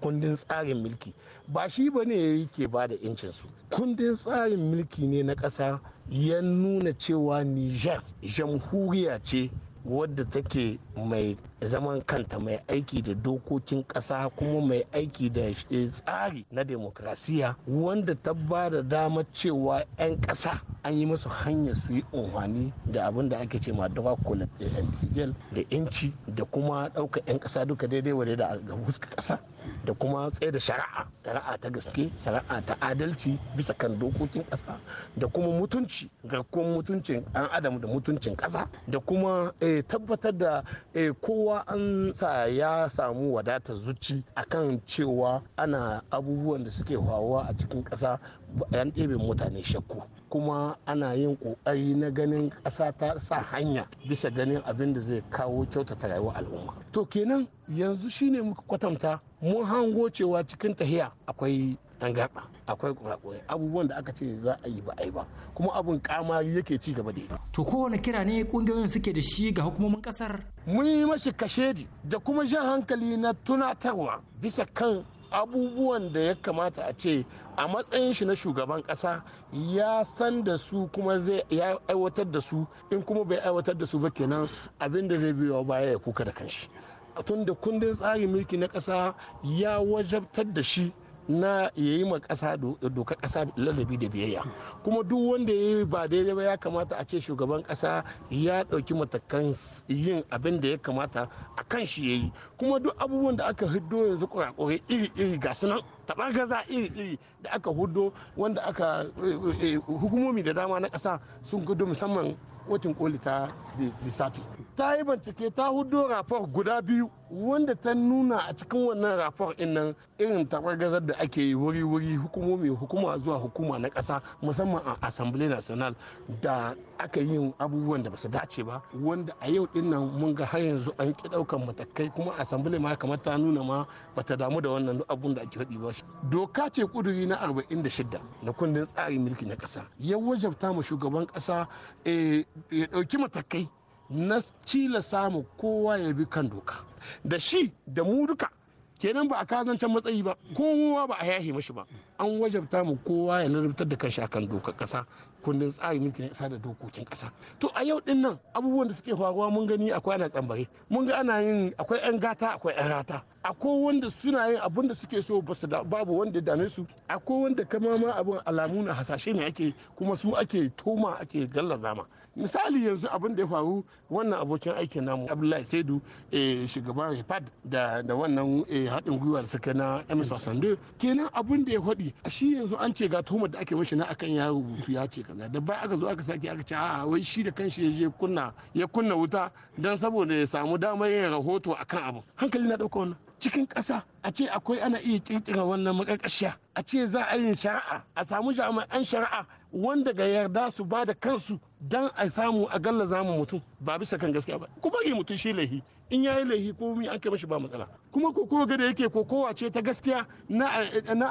kundin tsarin mulki ba shi ba ne yake ba da incinsu kundin tsarin mulki ne na ƙasa ya nuna cewa niger jamhuriya ce wadda take mai zaman kanta mai aiki da dokokin ƙasa kuma mai aiki da tsari na demokrasiya wanda ta ba da damar cewa 'yan ƙasa an yi masu hanyar su yi umarni da abin da ake ce ma da da yanci da kuma ɗaukar 'yan ƙasa duka daidai wadai da ga ƙasa da kuma tsaye da shari'a shari'a ta gaske shari'a ta adalci bisa kan dokokin ƙasa da kuma mutunci ga kuma mutuncin ɗan adam da mutuncin ƙasa da kuma eh, tabbatar da eh, kowa an sa ya samu wadatar zuci akan cewa ana abubuwan da suke faruwa a cikin ƙasa yan ɗebe mutane shakku kuma ana yin ƙoƙari na ganin ƙasa ta sa hanya bisa ganin abin da zai kawo kyautata rayuwar al'umma to kenan yanzu shine muka kwatanta mun hango cewa cikin tahiya akwai tangaɗa akwai kurakurai abubuwan da aka ce za a yi ba a yi ba kuma abin kamari yake ci gaba da yi. to kowane kira ne kungiyoyin suke da shi ga hukumomin kasar. mun yi mashi kashedi da kuma jan hankali na tunatarwa bisa kan abubuwan da ya kamata a ce a matsayin shi na shugaban kasa ya san da su kuma zai ya aiwatar da su in kuma bai aiwatar da su ba kenan abin da zai biyo baya ya kuka da kanshi tun da kundin tsarin mulki na kasa ya wajabtar da shi na ya yi ma ƙasa doka kasa ladabi da biyayya kuma duk wanda ya yi ba daidai ba ya kamata a ce shugaban kasa ya dauki matakan yin abin da ya kamata a kan shi ya yi kuma duk abubuwan da aka hiddo yanzu kurakurai iri-iri ga sunan gaza iri-iri da aka hudo wanda aka eh, eh, eh, hukumomi da dama na ƙasa sun gudu musamman watan koli ta lissafi ta yi bincike ta hudo rafar guda biyu wanda ta nuna a cikin wannan rafar nan irin gaza da ake yi wuri-wuri hukumomi hukuma zuwa hukuma na ƙasa musamman a assembly national da aka yi abubuwan da ba su dace ba wanda a yau dinnan mun ga har yanzu an ki ɗaukan matakai kuma a asambile ma kamar ta nuna ma bata damu da wannan abun da ake faɗi ba doka ce kuduri na 46 na kundin tsarin mulki na ƙasa ya wajabta ma shugaban ƙasa eh, ya ɗauki matakai na cila samu kowa ya bi kan doka da shi da mu duka kenan ba a kazancan matsayi ba kowa ba a yahe mashi ba an wajabta mu kowa ya larabtar da kanshi akan doka ƙasa kundin tsarin mulkin kasa da dokokin kasa to a yau din nan abubuwan da suke faruwa mun gani akwai ana tsambare mun ga ana yin akwai 'yan gata akwai 'yan rata akwai wanda suna yin abin da suke so basu da babu wanda dame su akwai wanda kama ma abin alamu na hasashe ne ake kuma su ake toma ake gallazama zama. misali yanzu abin da ya faru wannan abokin aikin namu abdullahi saidu eh, shugaban repad da da wannan eh, haɗin gwiwa da suka na ms wasandu kenan abin da ya faɗi a shi yanzu an ce ga tuhumar da ake mashi na akan ya rubutu ya ce kaza da ba aka zo aka sake aka ce a'a wai shi da kanshi ya je kunna ya kunna wuta dan saboda ya samu damar yin rahoto akan abu hankali na ɗauka wannan cikin ƙasa a ce akwai ana iya kirkira wannan maƙarƙashiya a ce za a yi shari'a a samu jami'an shari'a wanda ga yarda su ba da kansu dan a samu a galla zamu mutum ba bisa kan gaskiya ba kuma yi mutum shi laihi in ya yi laihi ko mi an kai mashi ba matsala kuma ko ko ga da yake ko kowa ce ta gaskiya na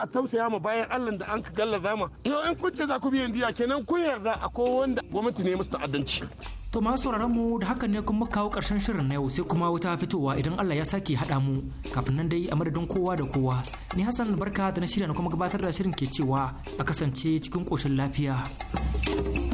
a tausaya ma bayan Allah da an ka galla zama yau in kunce za ku biyan diya kenan kun yarda a ko wanda gwamnati ne musu ta'addanci To sauraron mu da hakan ne kuma kawo karshen shirin na yau sai kuma wata fitowa idan Allah ya sake haɗa mu kafin nan dai a madadin kowa da kowa. Ni Hassan barka da na shirya na kuma gabatar da shirin ke cewa a kasance cikin koshin lafiya.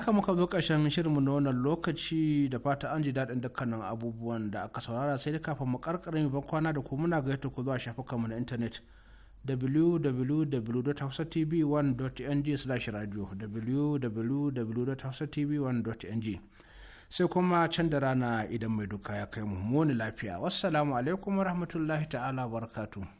haka muka zo ƙarshen shirinmu na wannan lokaci da fata an ji daɗin dukkanin abubuwan da aka saurara sai da kafin mu karkarin ban kwana da kuma muna gaita ku zuwa shafukanmu na intanet www.hausatv1.ng/radio www.hausatv1.ng sai kuma can da rana idan mai duka ya kai mu muni lafiya wassalamu alaikum warahmatullahi ta'ala barakatuh